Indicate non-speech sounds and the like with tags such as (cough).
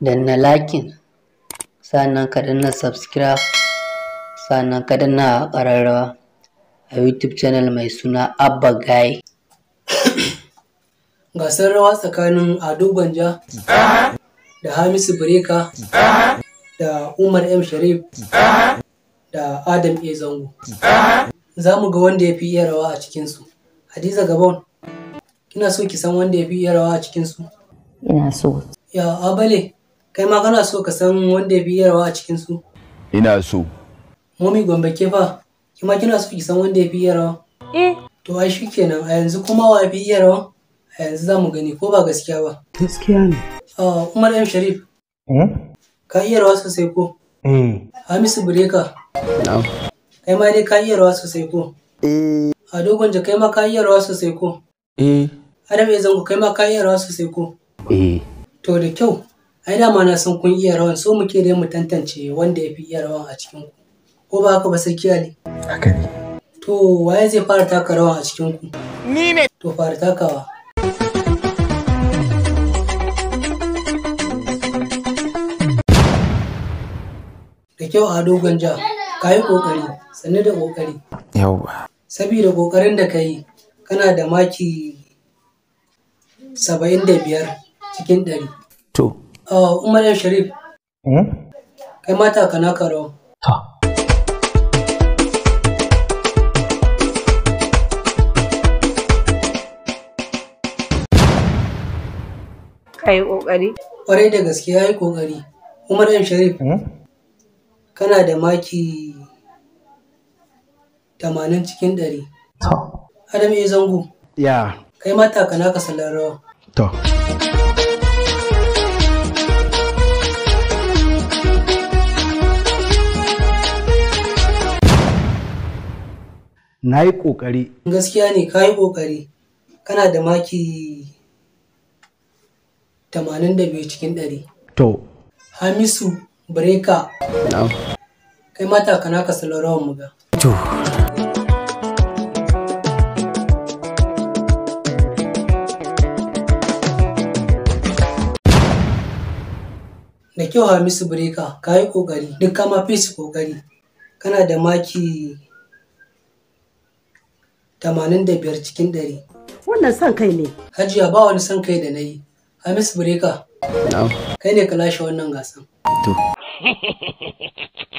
danna lakin sannan ka danna subscribe sannan ka danna ƙararrawa a youtube channel mai suna abba guy (coughs) gasar rawa tsakanin ado gwanja da hamisu breka da umar m sharif da adam a zango za mu ga wanda ya fi iya rawa a cikinsu hadiza gabon kina so ki san wanda ya fi iya rawa a cikinsu ina so ya abale kai ma kana so ka san wanda ya fi yarwa a cikin su ina so momi gombe ke fa kima kina so ki san wanda ya fi yarwa eh to ai shikenan a yanzu kuma wa fi yarwa a yanzu za mu gani ko ba gaskiya ba gaskiya ne umar m sharif eh ka iya rawa sosai ko eh hamisu bureka na'am kai ma dai ka iya rawa sosai ko eh a dogon ja kai ma ka iya rawa sosai ko eh adam ya zango kai ma ka iya rawa sosai ko eh to da kyau ai dama na san kun iya rawan so muke dai mu tantance wanda ya fi iya rawan a cikin ku ko ba haka ba kiya ali haka ne to waye zai fara taka rawan a cikin ku ni ne to fara takawa da kyau a dogon ja ka yi kokari sannu da kokari yawwa sabida kokarin da ka yi kana da maki 75 cikin 100 to Oh, Umar El Sharif. Hmm? Kai mata ka naka rawa. Ka yi ƙoƙari. Ƙwarai da gaske ya yi ƙoƙari. Umar El Sharif. Hmm? Kana da maki tamanin cikin ɗari. Adam ya zango. Ya. Kai mata ka naka sallar rawa. To. na yi ƙoƙari. Gaskiya ne ka yi ƙoƙari kana da maki 85 cikin 100. To. Hamisu Breka. Na'am. Kai mata kana ka salon rawan muga. To. Da kyau Hamisu Breka ka yi ƙoƙari duk kama fesi ƙoƙari kana da maki 85 cikin 100. Wannan son kai ne. Hajiya ba wani son kai da na yi. Hamis Bureka. Kai ne ka lashe wannan gasan. To. (laughs)